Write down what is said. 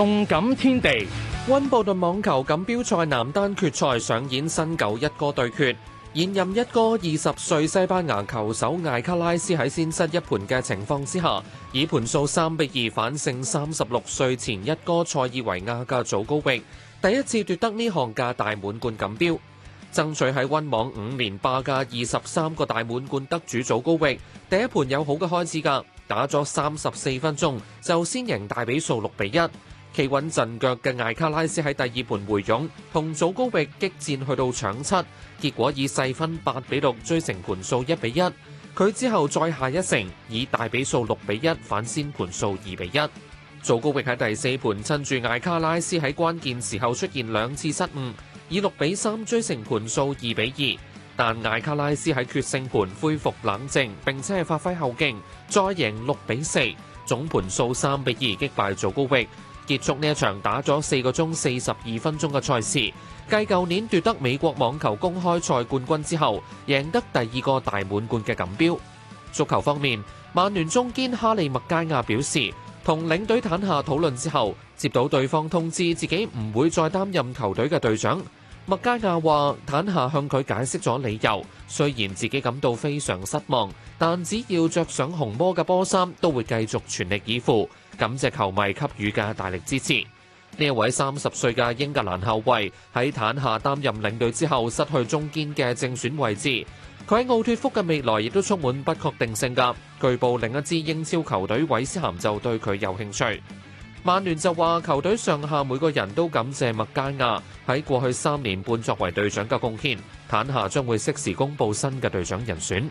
動感天地溫布頓網球錦標賽男單決賽上演新舊一哥對決，現任一哥二十歲西班牙球手艾卡拉斯喺先失一盤嘅情況之下，以盤數三比二反勝三十六歲前一哥塞爾維亞嘅祖高域，第一次奪得呢項嘅大滿貫錦標。爭取喺溫網五年霸價二十三個大滿貫得主祖高域，第一盤有好嘅開始噶，打咗三十四分鐘就先贏大比數六比一。企穩陣腳嘅艾卡拉斯喺第二盤回勇，同祖高域激戰去到搶七，結果以細分八比六追成盤數一比一。佢之後再下一城，以大比數六比一反先盤數二比一。祖高域喺第四盤趁住艾卡拉斯喺關鍵時候出現兩次失誤，以六比三追成盤數二比二。但艾卡拉斯喺決勝盤恢復冷靜並且係發揮後勁，再贏六比四，總盤數三比二擊敗祖高域。結束呢一場打咗四個鐘四十二分鐘嘅賽事，繼舊年奪得美國網球公開賽冠軍之後，贏得第二個大滿貫嘅錦標。足球方面，曼聯中堅哈利麥加亞表示，同領隊坦夏討論之後，接到對方通知，自己唔會再擔任球隊嘅隊長。麥加亞話，坦夏向佢解釋咗理由，雖然自己感到非常失望，但只要着上紅魔嘅波衫，都會繼續全力以赴。感謝球迷給予嘅大力支持。呢一位三十歲嘅英格蘭後衛喺坦夏擔任領隊之後，失去中堅嘅正選位置。佢喺奧脱福嘅未來亦都充滿不確定性㗎。據報另一支英超球隊韋斯咸就對佢有興趣。曼聯就話球隊上下每個人都感謝麥加亞喺過去三年半作為隊長嘅貢獻。坦夏將會適時公布新嘅隊長人選。